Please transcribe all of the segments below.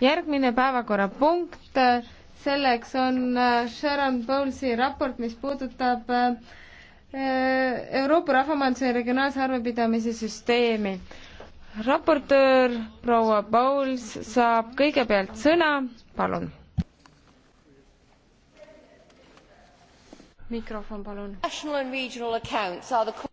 järgmine päevakorrapunkt, äh, selleks on äh, Sharon Bowlesi raport, mis puudutab äh, Euroopa rahvamajanduse regionaalse arvepidamise süsteemi. raportöör proua Bowles saab kõigepealt sõna, palun. mikrofon, palun. National and regional accounts are the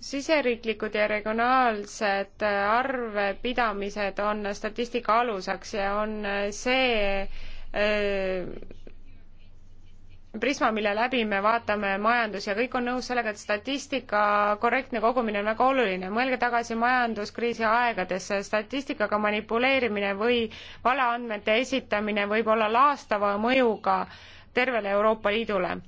siseriiklikud ja regionaalsed arvepidamised on statistika aluseks ja on äh, see äh, prisma, mille läbi me vaatame majandus ja kõik on nõus sellega, et statistika korrektne kogumine on väga oluline. mõelge tagasi majanduskriisi aegadesse, statistikaga manipuleerimine või valeandmete esitamine võib olla laastava mõjuga tervele Euroopa Liidule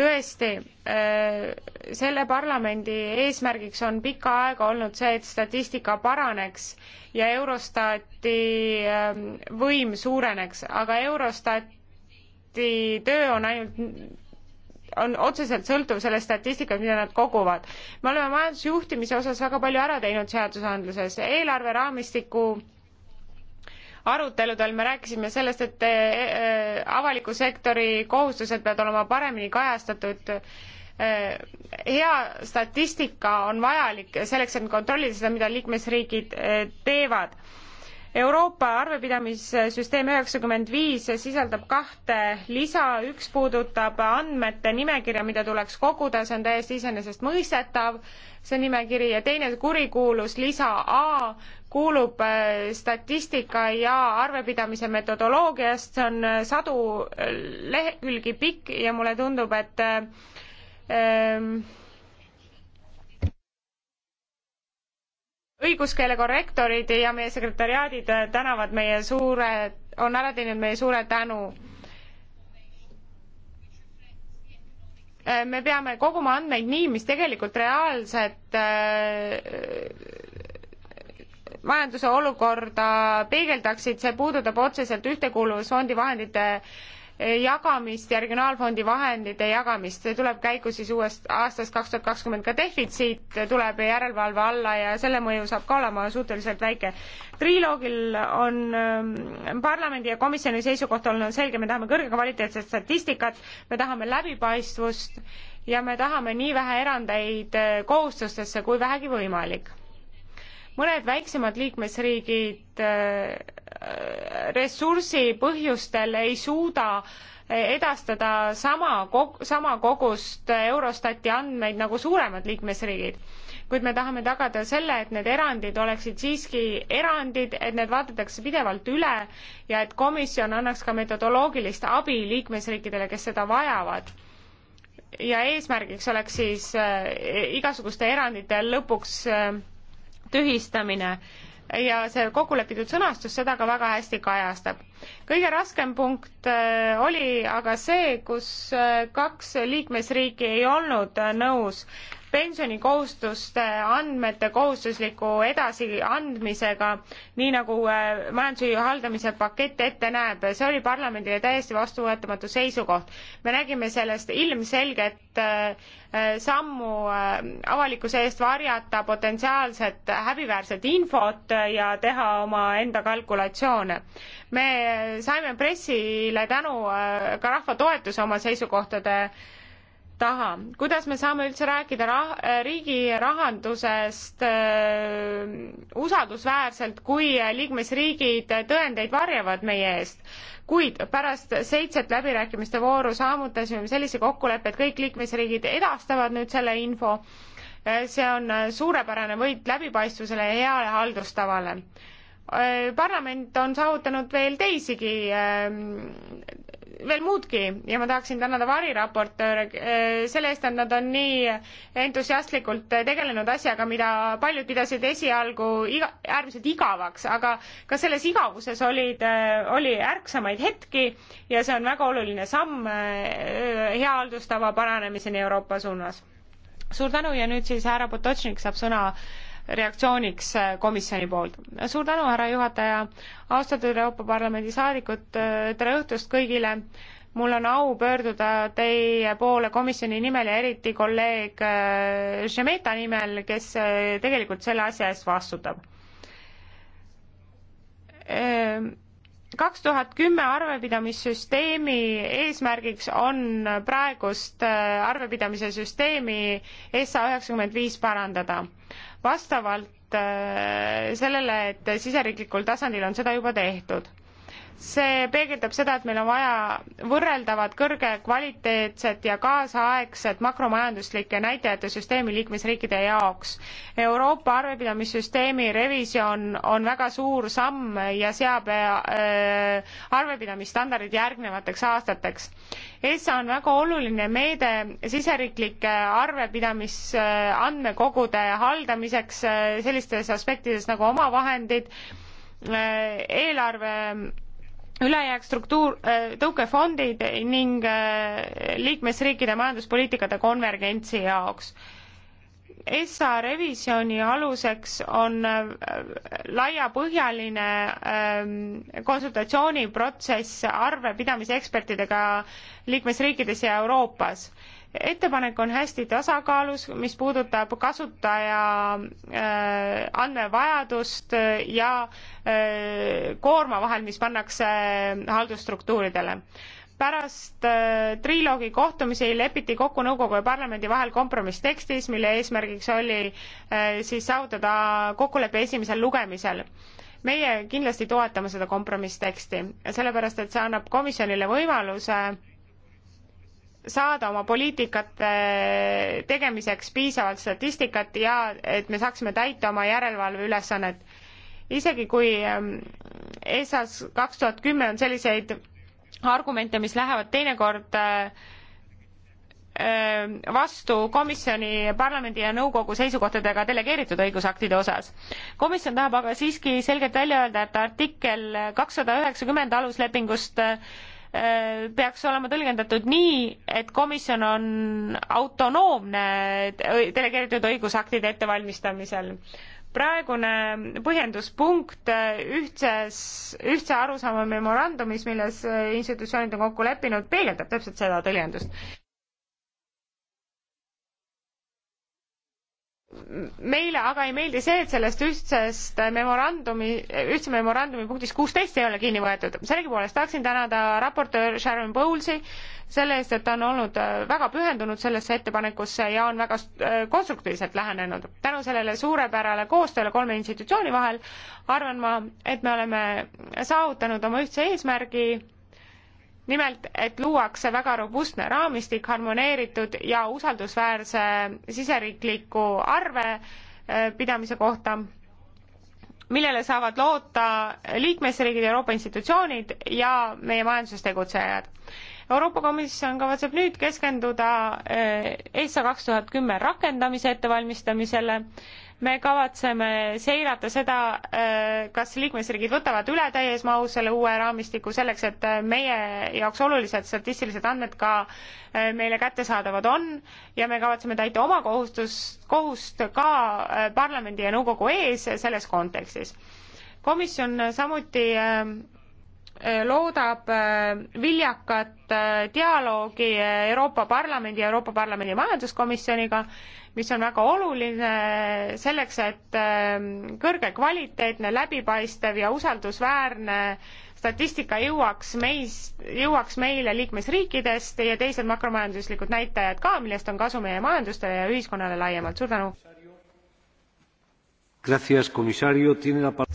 tõesti, äh, selle parlamendi eesmärgiks on pikka aega olnud see, et statistika paraneks ja Eurostati ähm, võim suureneks, aga Eurostati töö on ainult on otseselt sõltuv sellest statistikast, mida nad koguvad. me oleme majandusjuhtimise osas väga palju ära teinud seadusandluses, eelarveraamistiku aruteludel me rääkisime sellest, et eh, avaliku sektori kohustused peavad olema paremini kajastatud. Eh, hea statistika on vajalik selleks, et kontrollida seda, mida liikmesriigid eh, teevad Euroopa arvepidamissüsteem üheksakümmend viis sisaldab kahte lisa, üks puudutab andmete nimekirja, mida tuleks koguda, see on täiesti iseenesestmõistetav, see nimekiri, ja teine kurikuulus lisa A kuulub äh, statistika ja arvepidamise metodoloogiast, see on äh, sadu äh, lehekülgi pikk ja mulle tundub, et ähm, õiguskeele korrektorid ja meie sekretäriaadid tänavad meie suure, on ära teeninud meie suure tänu. me peame koguma andmeid nii, mis tegelikult reaalset äh, majanduse olukorda peegeldaksid, see puudutab otseselt ühtekuuluvusfondi vahendite jagamist ja Regionaalfondi vahendite jagamist, see tuleb käiku siis uuest aastast kaks tuhat kakskümmend ka defitsiit tuleb järelevalve alla ja selle mõju saab ka olema suhteliselt väike. triloogil on ähm, parlamendi ja komisjoni seisukoht olnud selge, me tahame kõrgekvaliteetset statistikat, me tahame läbipaistvust ja me tahame nii vähe erandeid äh, kohustustesse kui vähegi võimalik mõned väiksemad liikmesriigid äh, ressursi põhjustel ei suuda äh, edastada sama kog-, sama kogust Eurostati andmeid nagu suuremad liikmesriigid. kuid me tahame tagada selle, et need erandid oleksid siiski erandid, et need vaadatakse pidevalt üle ja et komisjon annaks ka metodoloogilist abi liikmesriikidele, kes seda vajavad ja eesmärgiks oleks siis äh, igasuguste erandite lõpuks tühistamine ja see kokkulepitud sõnastus seda ka väga hästi kajastab. kõige raskem punkt äh, oli aga see, kus äh, kaks liikmesriiki ei olnud äh, nõus pensionikohustuste andmete kohustusliku edasiandmisega, nii nagu äh, majandusühi haldamise pakett ette näeb, see oli parlamendile täiesti vastuvõetamatu seisukoht. me nägime sellest ilmselget äh, äh, sammu avalikkuse eest varjata potentsiaalset häbiväärset infot ja teha omaenda kalkulatsioone. me saime pressile tänu ka rahva toetuse oma seisukohtade taha. kuidas me saame üldse rääkida rah äh, riigi rahandusest äh, usaldusväärselt, kui äh, liikmesriigid tõendeid varjavad meie eest? kuid pärast seitset läbirääkimiste vooru saavutasime sellise kokkuleppe, et kõik liikmesriigid edastavad nüüd selle info. Äh, see on suurepärane võit läbipaistvusele ja heale haldustavale Äh, parlament on saavutanud veel teisigi, ähm, veel muudki ja ma tahaksin tänada variraportööre äh, selle eest, et nad on nii entusiastlikult tegelenud asjaga, mida paljud pidasid esialgu iga, äärmiselt igavaks, aga ka selles igavuses olid, äh, oli ärksamaid hetki ja see on väga oluline samm hea haldustava paranemiseni Euroopa suunas. suur tänu ja nüüd siis härra Potočnik saab sõna reaktsiooniks äh, komisjoni poolt. suur tänu, härra juhataja, austatud Euroopa Parlamendi saadikud, äh, tere õhtust kõigile! mul on au pöörduda teie poole komisjoni nimel ja eriti kolleeg äh, Šemeta nimel, kes tegelikult selle asja eest vastutab. kaks tuhat kümme arvepidamissüsteemi eesmärgiks on praegust arvepidamise süsteemi SA üheksakümmend viis parandada vastavalt äh, sellele, et siseriiklikul tasandil on seda juba tehtud see peegeldab seda, et meil on vaja võrreldavat, kõrge kvaliteetset ja kaasaegset makromajanduslike näitajate süsteemi liikmesriikide jaoks. Euroopa arvepidamissüsteemi revisjon on väga suur samm ja seab äh, arvepidamisstandardid järgnevateks aastateks. ESA on väga oluline meede siseriiklike arvepidamisandmekogude haldamiseks äh, sellistes aspektides nagu omavahendid, äh, eelarve ülejääk struktuur, äh, tõukefondid ning äh, liikmesriikide majanduspoliitikate konvergentsi jaoks. ESA revisjoni aluseks on äh, laiapõhjaline ähm, konsultatsiooniprotsess arvepidamise ekspertidega liikmesriikides ja Euroopas ettepanek on hästi tasakaalus, mis puudutab kasutaja äh, andmevajadust äh, ja äh, koorma vahel, mis pannakse äh, haldusstruktuuridele. pärast äh, triloogi kohtumisi lepiti kokku nõukogu ja parlamendi vahel kompromisstekstis, mille eesmärgiks oli äh, siis saavutada kokkulepe esimesel lugemisel meie kindlasti toetame seda kompromissteksti, sellepärast et see annab komisjonile võimaluse äh, saada oma poliitikate tegemiseks piisavalt statistikat ja et me saaksime täita oma järelevalveülesannet. isegi kui ähm, ESA-s kaks tuhat kümme on selliseid argumente, mis lähevad teinekord äh, ähm, vastu komisjoni, parlamendi ja nõukogu seisukohtadega delegeeritud õigusaktide osas. komisjon tahab aga siiski selgelt välja öelda, et artikkel kakssada üheksakümmend aluslepingust äh, Äh, peaks olema tõlgendatud nii, et komisjon on autonoomne äh, delegeeritud õigusaktide ettevalmistamisel. praegune põhjenduspunkt äh, ühtses, ühtse arusaama memorandumis, milles institutsioonid on kokku leppinud, peegeldab täpselt seda tõlgendust. meile aga ei meeldi see, et sellest ühtsest memorandumi, ühtse memorandumi punktist kuusteist ei ole kinni võetud. sellegipoolest tahaksin tänada raportöör Sharon Bowles'i selle eest, et ta on olnud väga pühendunud sellesse ettepanekusse ja on väga konstruktiivselt lähenenud. tänu sellele suurepärale koostööle kolme institutsiooni vahel arvan ma, et me oleme saavutanud oma ühtse eesmärgi nimelt, et luuakse väga robustne raamistik, harmoneeritud ja usaldusväärse siseriikliku arvepidamise äh, kohta, millele saavad loota liikmesriigid, Euroopa institutsioonid ja meie majanduses tegutsejad. Euroopa Komisjon kavatseb nüüd keskenduda äh, ESA kaks tuhat kümme rakendamise ettevalmistamisele me kavatseme seirata seda, äh, kas liikmesriigid võtavad üle täies mahus selle uue raamistiku selleks, et äh, meie jaoks olulised statistilised andmed ka äh, meile kättesaadavad on ja me kavatseme täita oma kohustust, kohust ka parlamendi ja nõukogu ees selles kontekstis. komisjon samuti loodab viljakat dialoogi Euroopa Parlamendi ja Euroopa Parlamendi majanduskomisjoniga mis on väga oluline selleks, et ähm, kõrge kvaliteetne, läbipaistev ja usaldusväärne statistika jõuaks meis, jõuaks meile liikmesriikidest ja teised makromajanduslikud näitajad ka, millest on kasu meie majandustele ja ühiskonnale laiemalt. suur tänu!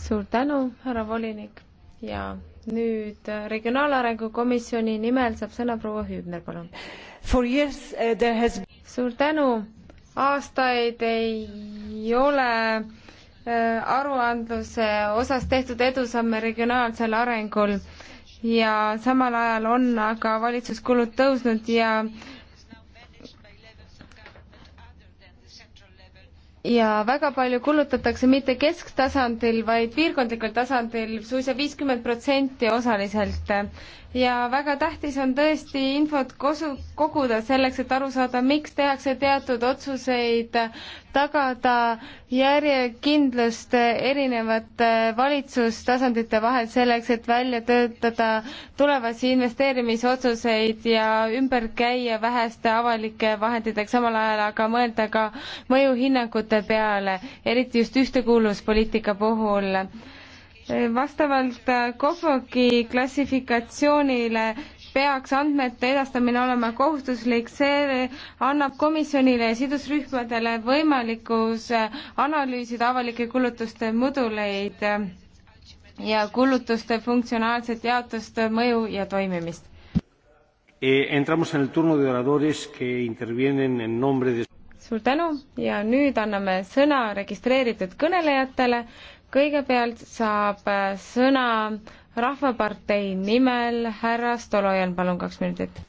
suur tänu, härra volinik ja nüüd äh, Regionaalarengu Komisjoni nimel saab sõna proua Hübner, palun. Äh, has... suur tänu aastaid ei ole äh, aruandluse osas tehtud edusamme regionaalsel arengul ja samal ajal on aga valitsuskulud tõusnud ja ja väga palju kulutatakse mitte kesktasandil, vaid piirkondlikul tasandil suisa viiskümmend protsenti osaliselt ja väga tähtis on tõesti infot kosu, koguda selleks, et aru saada, miks tehakse teatud otsuseid, tagada järjekindlust erinevate valitsustasandite vahel selleks, et välja töötada tulevasi investeerimisotsuseid ja ümber käia väheste avalike vahenditega, samal ajal aga mõelda ka mõjuhinnangute peale, eriti just ühtekuuluvuspoliitika puhul vastavalt äh, KOFOK-i klassifikatsioonile peaks andmete edastamine olema kohustuslik, see annab komisjonile ja sidusrühmadele võimalikus äh, analüüsida avalike kulutuste muduleid äh, ja kulutuste funktsionaalset jaotust, mõju ja toimimist. E, entramos en el turno de oradores que intervienen en nombre de suur tänu ja nüüd anname sõna registreeritud kõnelejatele kõigepealt saab äh, sõna Rahvapartei nimel härra Stolojan, palun kaks minutit.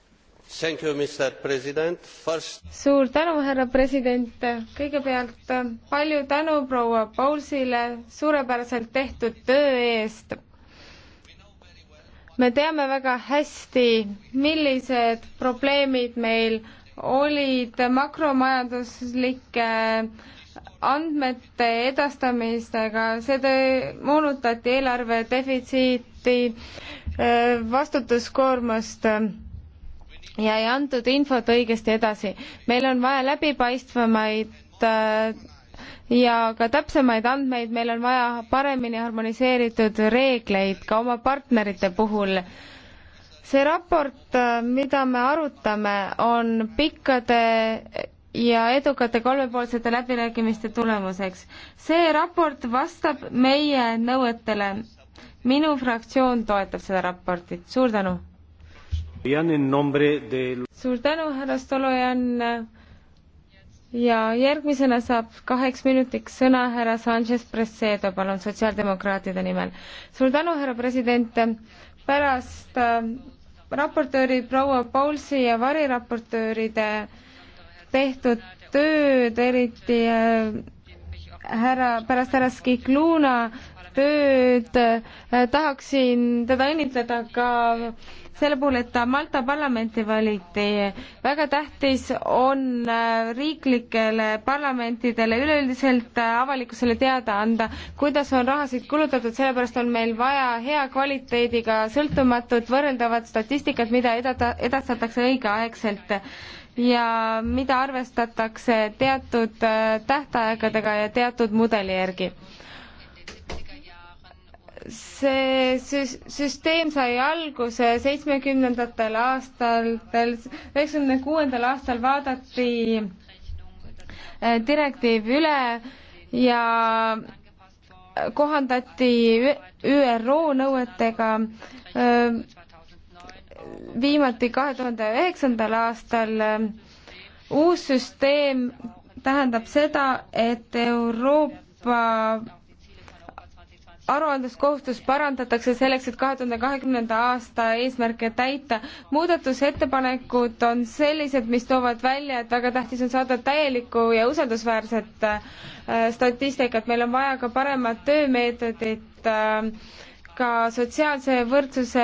First... suur tänu, härra president, kõigepealt äh, palju tänu proua Paulsile suurepäraselt tehtud töö eest. me teame väga hästi, millised probleemid meil olid makromajanduslike äh, andmete edastamistega, see tõi, moonutati eelarve defitsiiti, äh, vastutuskoormust äh, ja ei antud infot õigesti edasi. meil on vaja läbipaistvamaid äh, ja ka täpsemaid andmeid, meil on vaja paremini harmoniseeritud reegleid ka oma partnerite puhul see raport, mida me arutame, on pikkade ja edukate kolmepoolsete läbirääkimiste tulemuseks. see raport vastab meie nõuetele. minu fraktsioon toetab seda raportit, suur tänu! suur tänu, härra Stolojan ja järgmisena saab kaheks minutiks sõna härra Sanchez Presedo, palun, sotsiaaldemokraatide nimel. suur tänu, härra president, pärast äh, raportööri proua Paulsi ja variraportööride äh, tehtud tööd, eriti äh, härra, pärast härra Skikluna tööd äh, tahaksin teda õnnitleda ka selle puhul, et ta Malta parlamenti valiti. väga tähtis on äh, riiklikele parlamentidele üleüldiselt avalikkusele teada anda, kuidas on rahasid kulutatud, sellepärast on meil vaja hea kvaliteediga sõltumatut võrreldavat statistikat, mida edata, edastatakse õigeaegselt ja mida arvestatakse teatud äh, tähtaegadega ja teatud mudeli järgi. see süs-, süsteem sai alguse seitsmekümnendatel aastatel, üheksakümne kuuendal aastal vaadati äh, direktiiv üle ja kohandati ÜRO nõuetega äh, viimati kahe tuhande üheksandal aastal. uus süsteem tähendab seda, et Euroopa aruandluskohustus parandatakse selleks, et kahe tuhande kahekümnenda aasta eesmärke täita. muudatusettepanekud on sellised, mis toovad välja, et väga tähtis on saada täielikku ja usaldusväärset äh, statistikat, meil on vaja ka paremat töömeetodit äh, ka sotsiaalse võrdsuse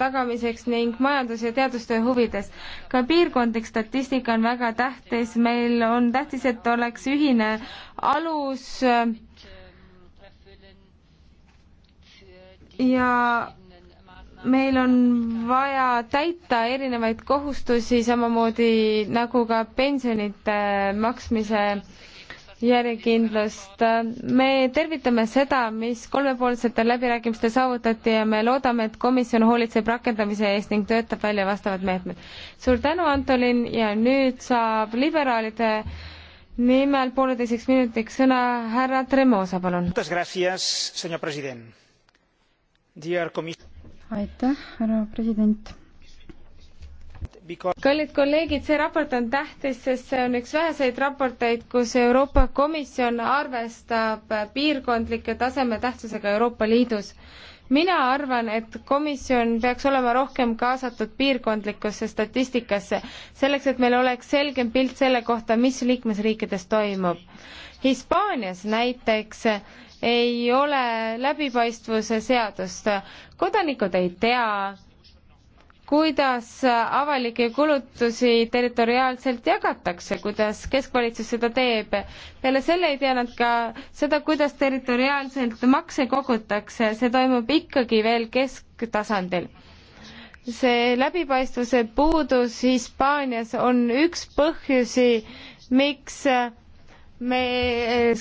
tagamiseks ning majandus- ja teadustöö huvides. ka piirkondlik statistika on väga tähtis, meil on tähtis, et oleks ühine alus ja meil on vaja täita erinevaid kohustusi, samamoodi nagu ka pensionite maksmise äh, järjekindlust. me tervitame seda, mis kolmepoolsetel läbirääkimistel saavutati ja me loodame, et komisjon hoolitseb rakendamise eest ning töötab välja vastavad meetmed. suur tänu, Antolin, ja nüüd saab liberaalide nimel pooleteiseks minutiks sõna härra Tremosa, palun. aitäh, härra president because... kallid kolleegid, see raport on tähtis, sest see on üks väheseid raporteid, kus Euroopa Komisjon arvestab piirkondlike taseme tähtsusega Euroopa Liidus. mina arvan, et komisjon peaks olema rohkem kaasatud piirkondlikusse statistikasse, selleks et meil oleks selgem pilt selle kohta, mis liikmesriikides toimub. Hispaanias näiteks ei ole läbipaistvuse seadust, kodanikud ei tea, kuidas avalikke kulutusi territoriaalselt jagatakse, kuidas keskvalitsus seda teeb. peale selle ei tea nad ka seda, kuidas territoriaalselt makse kogutakse, see toimub ikkagi veel kesktasandil. see läbipaistvuse puudus Hispaanias on üks põhjusi, miks me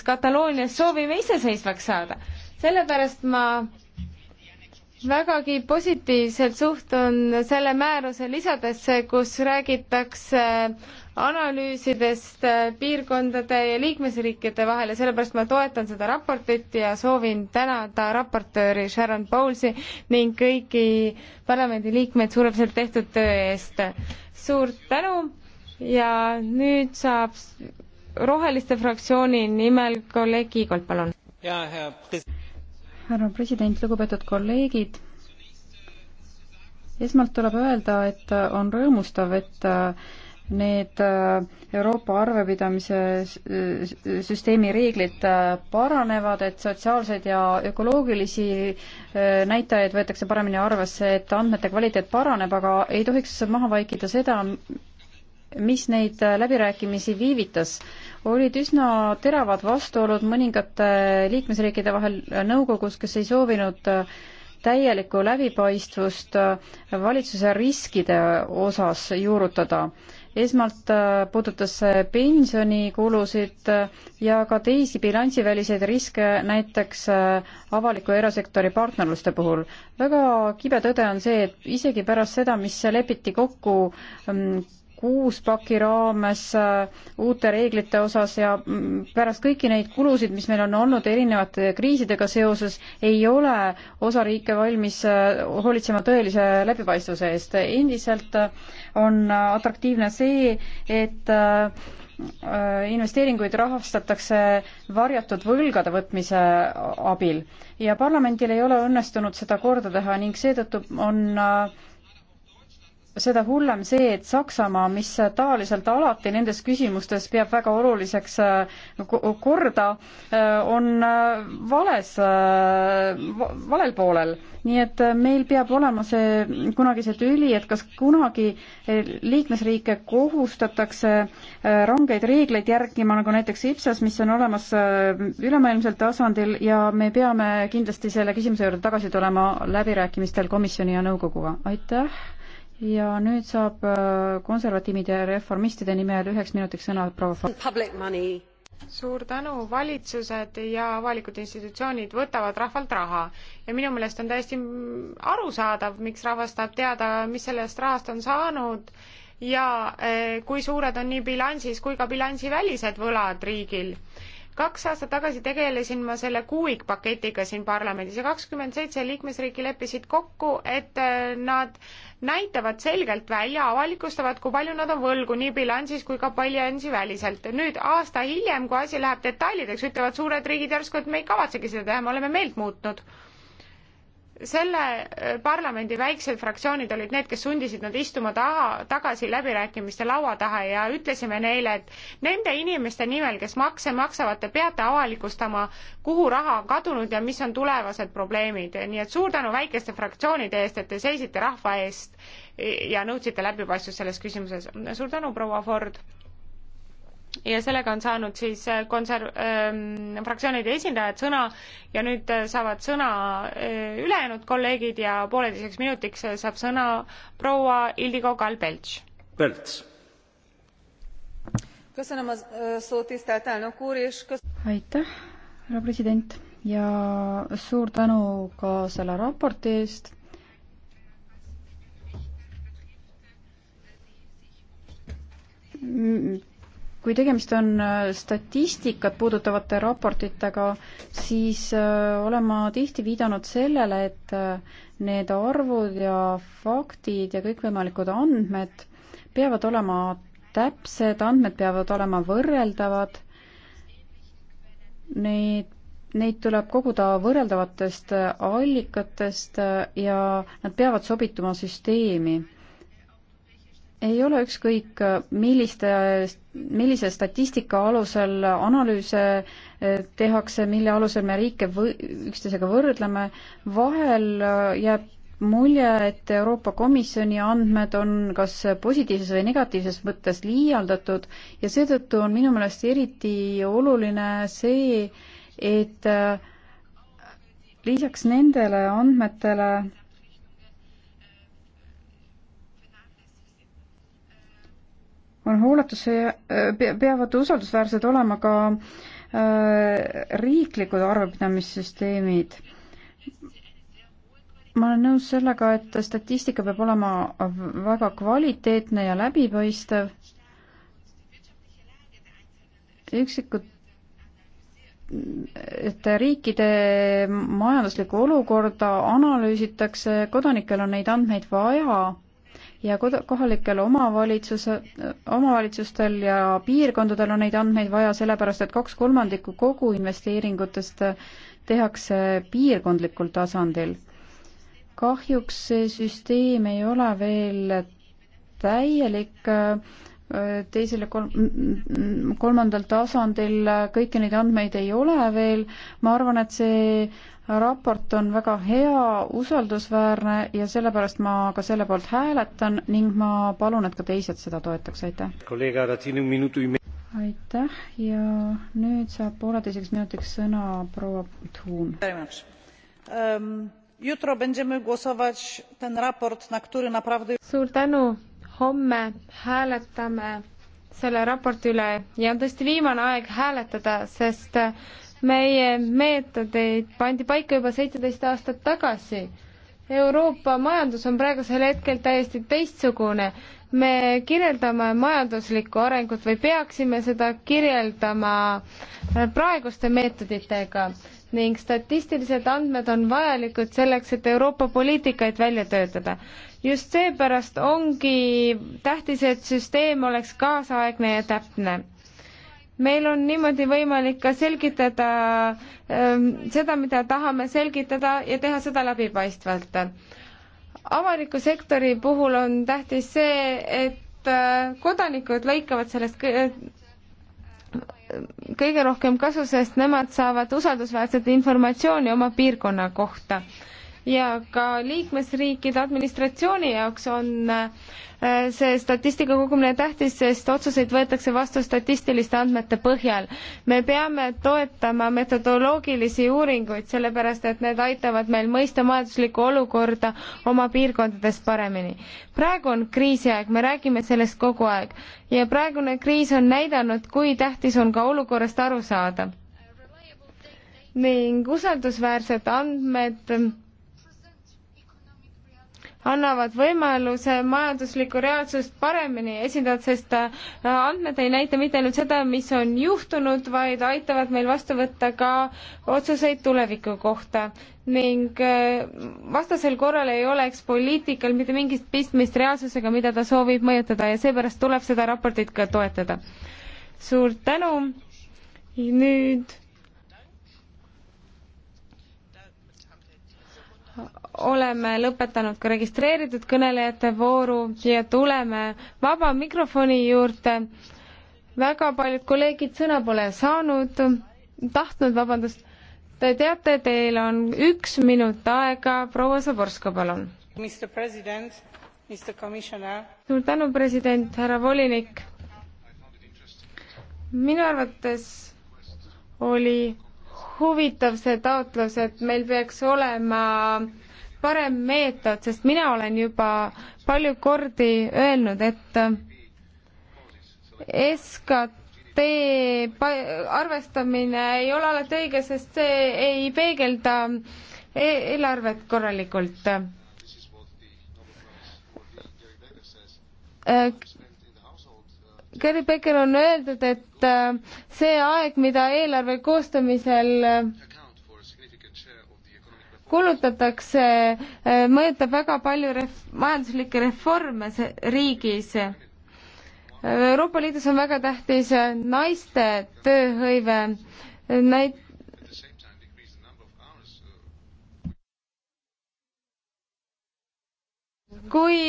Kataloonias soovime iseseisvaks saada. sellepärast ma vägagi positiivselt suhtun selle määruse lisadesse, kus räägitakse analüüsidest äh, piirkondade ja liikmesriikide vahel ja sellepärast ma toetan seda raportit ja soovin tänada raportööri Sharon Bowlesi ning kõiki parlamendiliikmeid suurepäraselt tehtud töö eest. suur tänu ja nüüd saab Roheliste fraktsiooni nimel kolleeg Igor, palun. ja, hea president härra president, lugupeetud kolleegid. esmalt tuleb öelda, et on rõõmustav, et äh, need äh, Euroopa arvepidamise süsteemi reeglid äh, paranevad, et sotsiaalseid ja ökoloogilisi näitajaid võetakse paremini arvesse, et andmete kvaliteet paraneb, aga ei tohiks maha vaikida seda, mis neid läbirääkimisi viivitas, olid üsna teravad vastuolud mõningate liikmesriikide vahel nõukogus, kes ei soovinud täielikku läbipaistvust valitsuse riskide osas juurutada. esmalt puudutas see pensionikulusid ja ka teisi bilansiväliseid riske, näiteks avaliku ja erasektori partnerluste puhul. väga kibe tõde on see, et isegi pärast seda, mis lepiti kokku mm, kuus paki raames äh, uute reeglite osas ja mm, pärast kõiki neid kulusid, mis meil on olnud erinevate kriisidega seoses, ei ole osariike valmis äh, hoolitsema tõelise läbipaistvuse eest. endiselt äh, on atraktiivne see, et investeeringuid rahastatakse varjatud võlgade võtmise abil ja parlamendil ei ole õnnestunud seda korda teha ning seetõttu on äh, seda hullem see, et Saksamaa, mis taoliselt alati nendes küsimustes peab väga oluliseks äh, korda, äh, on äh, vales, valel poolel. nii et meil peab olema see, kunagi see tüli, et kas kunagi liikmesriike kohustatakse rangeid reegleid järgima, nagu näiteks IPSAS, mis on olemas ülemaailmsel tasandil ja me peame kindlasti selle küsimuse juurde tagasi tulema läbirääkimistel komisjoni ja nõukoguga. aitäh! ja nüüd saab äh, konservatiivide ja reformistide nimel üheks minutiks sõna proua Fa-. suur tänu, valitsused ja avalikud institutsioonid võtavad rahvalt raha ja minu meelest on täiesti arusaadav, miks rahvas tahab teada, mis sellest rahast on saanud ja äh, kui suured on nii bilansis kui ka bilansivälised võlad riigil kaks aastat tagasi tegelesin ma selle kuuikpaketiga siin parlamendis ja kakskümmend seitse liikmesriiki leppisid kokku, et äh, nad näitavad selgelt välja, avalikustavad, kui palju nad on võlgu nii bilansis kui ka bilansi väliselt. nüüd aasta hiljem, kui asi läheb detailideks, ütlevad suured riigid järsku, et me ei kavatsegi seda teha, me oleme meelt muutnud selle äh, parlamendi väiksed fraktsioonid olid need, kes sundisid nad istuma taha, tagasi läbirääkimiste laua taha ja ütlesime neile, et nende inimeste nimel, kes makse maksavad, te peate avalikustama, kuhu raha on kadunud ja mis on tulevased probleemid. nii et suur tänu väikeste fraktsioonide eest, et te seisite rahva eest ja nõudsite läbipaistvust selles küsimuses. suur tänu, proua Ford! ja sellega on saanud siis äh, konser- ähm,, fraktsioonide esindajad sõna ja nüüd äh, saavad sõna äh, ülejäänud kolleegid ja pooleteiseks minutiks äh, saab sõna proua Ildiko Kalbelts. Pelts. aitäh, härra president ja suur tänu ka selle raporti eest mm. -mm kui tegemist on äh, statistikat puudutavate raportitega, siis äh, olen ma tihti viidanud sellele, et äh, need arvud ja faktid ja kõikvõimalikud andmed peavad olema täpsed, andmed peavad olema võrreldavad, need neid tuleb koguda võrreldavatest allikatest ja nad peavad sobituma süsteemi ei ole ükskõik, milliste, millise statistika alusel analüüse e, tehakse, mille alusel me riike või, üksteisega võrdleme, vahel e, jääb mulje, et Euroopa Komisjoni andmed on kas positiivses või negatiivses mõttes liialdatud ja seetõttu on minu meelest eriti oluline see, et e, lisaks nendele andmetele, on hooletusse, äh, peavad usaldusväärsed olema ka äh, riiklikud arvepidamissüsteemid. ma olen nõus sellega, et statistika peab olema väga kvaliteetne ja läbipaistev. üksikud et riikide majanduslikku olukorda analüüsitakse, kodanikel on neid andmeid vaja ja kod-, kohalikel omavalitsuse, omavalitsustel ja piirkondadel on neid andmeid vaja, sellepärast et kaks kolmandikku kogu investeeringutest tehakse piirkondlikul tasandil. kahjuks see süsteem ei ole veel täielik, teisel ja kolm-, kolmandal tasandil, kõiki neid andmeid ei ole veel, ma arvan, et see raport on väga hea, usaldusväärne ja sellepärast ma ka selle poolt hääletan ning ma palun, et ka teised seda toetaks, aitäh. aitäh ja nüüd saab pooleteiseks minutiks sõna proua Thun. Um, suur tänu homme hääletame selle raporti üle ja on tõesti viimane aeg hääletada, sest meie meetodeid pandi paika juba seitseteist aastat tagasi. Euroopa majandus on praegusel hetkel täiesti teistsugune. me kirjeldame majanduslikku arengut või peaksime seda kirjeldama praeguste meetoditega ning statistilised andmed on vajalikud selleks, et Euroopa poliitikaid välja töötada just seepärast ongi tähtis, et süsteem oleks kaasaegne ja täpne meil on niimoodi võimalik ka selgitada ähm, seda, mida tahame selgitada ja teha seda läbipaistvalt. avaliku sektori puhul on tähtis see, et äh, kodanikud lõikavad sellest äh, kõige rohkem kasu, sest nemad saavad usaldusväärset informatsiooni oma piirkonna kohta ja ka liikmesriikide administratsiooni jaoks on äh, see statistika kogumine tähtis, sest otsuseid võetakse vastu statistiliste andmete põhjal. me peame toetama metodoloogilisi uuringuid, sellepärast et need aitavad meil mõista majanduslikku olukorda oma piirkondades paremini. praegu on kriisiaeg, me räägime sellest kogu aeg ja praegune kriis on näidanud, kui tähtis on ka olukorrast aru saada ning usaldusväärsed andmed annavad võimaluse majanduslikku reaalsust paremini esindada, sest äh, andmed ei näita mitte ainult seda, mis on juhtunud, vaid aitavad meil vastu võtta ka otsuseid tuleviku kohta. ning äh, vastasel korral ei oleks poliitikal mitte mingit pistmist reaalsusega, mida ta soovib mõjutada ja seepärast tuleb seda raportit ka toetada. suur tänu, nüüd oleme lõpetanud ka registreeritud kõnelejate vooru ja tuleme vaba mikrofoni juurde. väga paljud kolleegid sõna pole saanud, tahtnud, vabandust. Te teate, teil on üks minut aega, proua Zaborska, palun. suur tänu, president, härra volinik. minu arvates oli huvitav see taotlus, et meil peaks olema äh, parem meetod, sest mina olen juba palju kordi öelnud, et SKT arvestamine ei ole alati õige, sest see ei peegelda e-, eelarvet korralikult. Äh, Gary Becker on öeldud, et äh, see aeg, mida eelarve koostamisel äh, kulutatakse, eh, mõjutab väga palju ref-, majanduslikke reforme riigis. Euroopa Liidus on väga tähtis naiste tööhõive, näit-, kui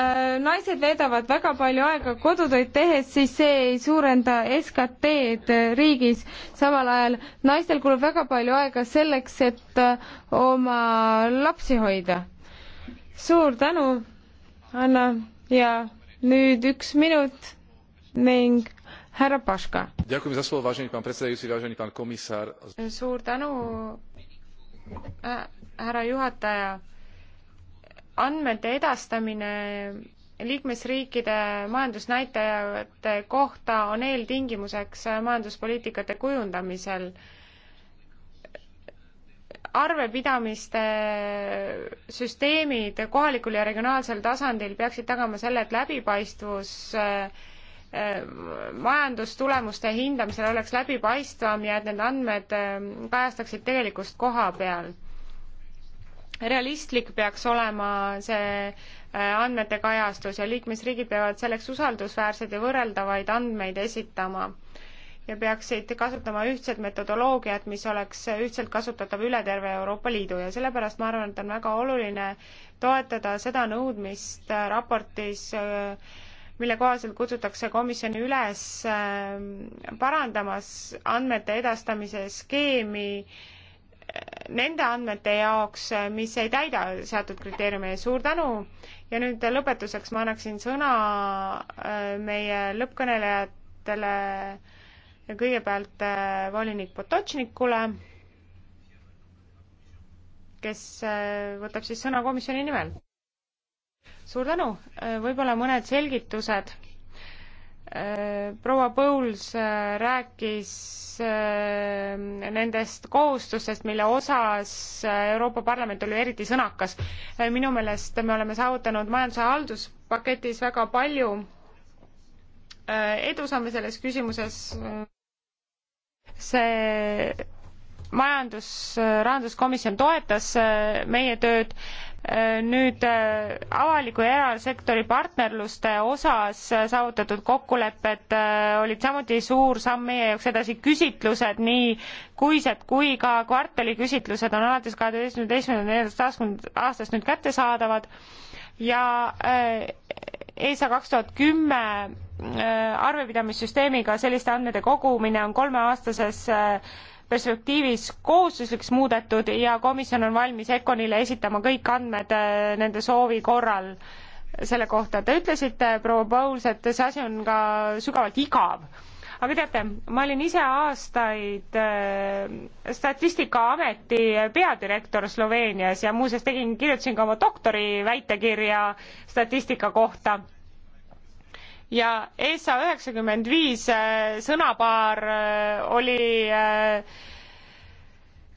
Äh, naised veedavad väga palju aega kodutöid tehes, siis see ei suurenda SKT-d äh, riigis. samal ajal naistel kulub väga palju aega selleks, et äh, oma lapsi hoida. suur tänu, Anna ja nüüd üks minut ning härra Paška. suur tänu äh,, härra juhataja andmete edastamine liikmesriikide majandusnäitajate kohta on eeltingimuseks majanduspoliitikate kujundamisel arvepidamiste süsteemid kohalikul ja regionaalsel tasandil peaksid tagama selle, et läbipaistvus eh, majandustulemuste hindamisel oleks läbipaistvam ja et need andmed eh, kajastaksid tegelikkust koha peal realistlik peaks olema see äh, andmete kajastus ja liikmesriigid peavad selleks usaldusväärseid ja võrreldavaid andmeid esitama ja peaksid kasutama ühtset metodoloogiat, mis oleks ühtselt kasutatav üle terve Euroopa Liidu ja sellepärast ma arvan, et on väga oluline toetada seda nõudmist raportis, äh, mille kohaselt kutsutakse komisjoni üles äh, parandamas andmete edastamise skeemi äh, nende andmete jaoks, mis ei täida seatud kriteeriumi. suur tänu ja nüüd lõpetuseks ma annaksin sõna äh, meie lõppkõnelejatele ja kõigepealt äh, volinik Potočnikule, kes äh, võtab siis sõna komisjoni nimel. suur tänu, võib-olla mõned selgitused Äh, proua Põuls äh, rääkis äh, nendest kohustustest, mille osas Euroopa Parlament oli eriti sõnakas. minu meelest me oleme saavutanud majanduse halduspaketis väga palju edu saame selles küsimuses. see majandus, rahanduskomisjon toetas äh, meie tööd. Äh, nüüd äh, avaliku ja erasektori partnerluste osas saavutatud kokkulepped olid samuti suur samm meie jaoks edasi. küsitlused, nii kuised kui ka kvartaliküsitlused on alates kaheteistkümnendateistkümnendast aastast nüüd kättesaadavad ja ESA kaks tuhat kümme arvepidamissüsteemiga selliste andmete kogumine on kolmeaastases perspektiivis kohustuslikuks muudetud ja komisjon on valmis Econile esitama kõik andmed äh, nende soovi korral selle kohta. Te ütlesite, proua Pauls, et see asi on ka sügavalt igav. aga teate, ma olin ise aastaid äh, Statistikaameti peadirektor Sloveenias ja muuseas tegin, kirjutasin ka oma doktoriväitekirja statistika kohta ja ESA üheksakümmend viis äh, sõnapaar äh, oli äh,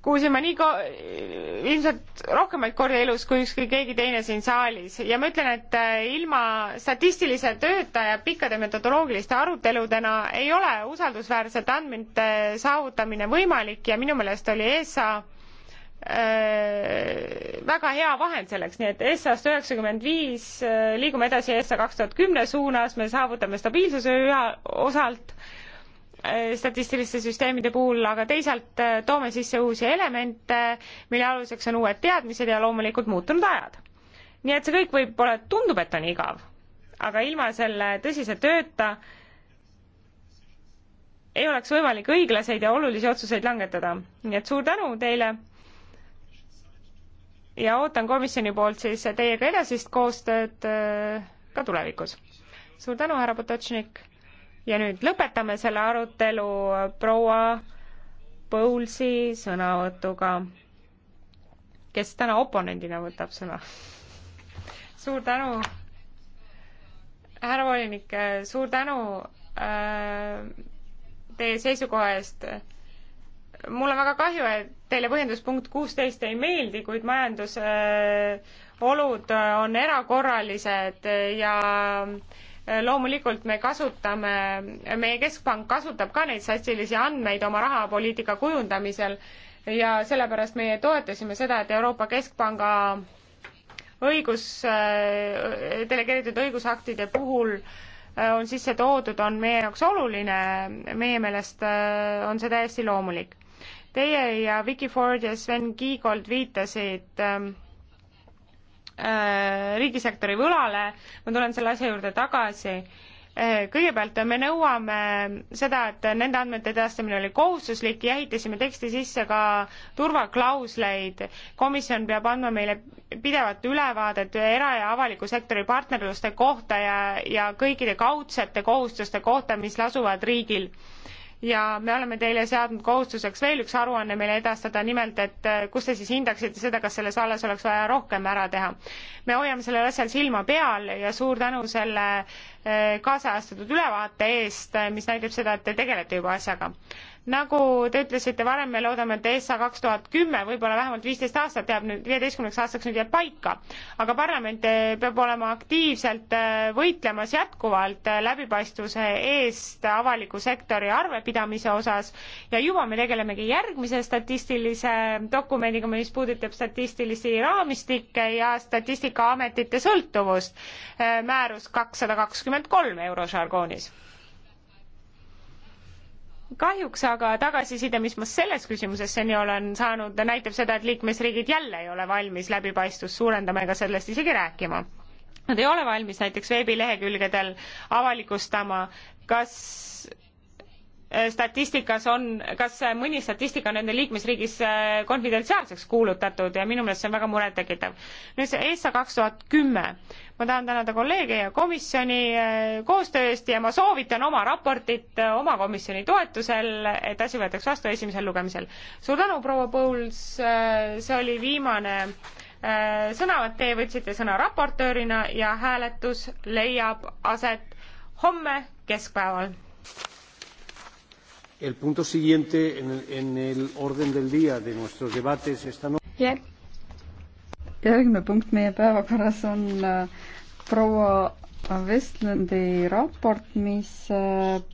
kuulsime nii ko-, ilmselt rohkemaid kordi elus kui ükski keegi teine siin saalis ja ma ütlen, et ilma statistilise tööta ja pikkade metodoloogiliste aruteludena ei ole usaldusväärsete andmete saavutamine võimalik ja minu meelest oli ESA Äh, väga hea vahend selleks, nii et ESA-st üheksakümmend viis äh, liigume edasi ESA kaks tuhat kümne suunas, me saavutame stabiilsuse ühe osalt äh, statistiliste süsteemide puhul, aga teisalt toome sisse uusi elemente, mille aluseks on uued teadmised ja loomulikult muutunud ajad. nii et see kõik võib-olla tundub, et on igav, aga ilma selle tõsise tööta ei oleks võimalik õiglaseid ja olulisi otsuseid langetada. nii et suur tänu teile ja ootan komisjoni poolt siis teiega edasist koostööd äh, ka tulevikus. suur tänu, härra Potočnik ja nüüd lõpetame selle arutelu proua Põulsi sõnavõtuga, kes täna oponendina võtab sõna. suur tänu, härra volinik, suur tänu äh, teie seisukoha eest mul on väga kahju, et teile põhjenduspunkt kuusteist ei meeldi, kuid majandusolud äh, on erakorralised äh, ja äh, loomulikult me kasutame, meie keskpank kasutab ka neid statsilisi andmeid oma rahapoliitika kujundamisel ja sellepärast meie toetasime seda, et Euroopa Keskpanga õigus, delegeeritud õigusaktide puhul on sisse toodud, on meie jaoks oluline, meie meelest on see täiesti loomulik. Teie ja Vicky Ford ja Sven Kiigold viitasid ähm, äh, riigisektori võlale, ma tulen selle asja juurde tagasi äh, kõigepealt me nõuame seda, et nende andmete edastamine oli kohustuslik ja ehitasime teksti sisse ka turvaklausleid. komisjon peab andma meile pidevat ülevaadet era- ja avaliku sektori partnerluste kohta ja, ja kõikide kaudsete kohustuste kohta, mis lasuvad riigil ja me oleme teile seadnud kohustuseks veel üks aruanne meile edastada, nimelt et äh, kus te siis hindaksite seda, kas selles vallas oleks vaja rohkem ära teha. me hoiame sellel asjal silma peal ja suur tänu selle äh, kaasajastatud ülevaate eest, äh, mis näitab seda, et te tegelete juba asjaga nagu te ütlesite varem, me loodame, et ESA kaks tuhat kümme, võib-olla vähemalt viisteist aastat jääb nüüd, viieteistkümneks aastaks nüüd jääb paika, aga parlament eh, peab olema aktiivselt eh, võitlemas jätkuvalt eh, läbipaistvuse eest avaliku sektori arvepidamise osas ja juba me tegelemegi järgmise statistilise dokumendiga, mis puudutab statistilisi raamistikke ja Statistikaametite sõltuvust, määrus kakssada kakskümmend kolm eurožargoonis kahjuks aga tagasiside, mis ma selles küsimuses seni olen saanud, näitab seda, et liikmesriigid jälle ei ole valmis läbipaistvust suurendama ega sellest isegi rääkima. Nad ei ole valmis näiteks veebilehekülgedel avalikustama, kas statistikas on, kas mõni statistika on nende liikmesriigis äh, konfidentsiaalseks kuulutatud ja minu meelest see on väga murettekitav. nüüd see ESA kaks tuhat kümme, ma tahan tänada kolleege ja komisjoni äh, koostöö eest ja ma soovitan oma raportit äh, oma komisjoni toetusel, et asi võetaks vastu esimesel lugemisel. suur tänu, proua Põuls, see oli viimane sõnavõtt, teie võtsite sõna raportöörina ja hääletus leiab aset homme keskpäeval. El punto siguiente en, en el orden del día de nuestros debates esta noche. Yeah. järgmine punkt meie päevakorras on äh, proua Vestlendi raport, mis äh,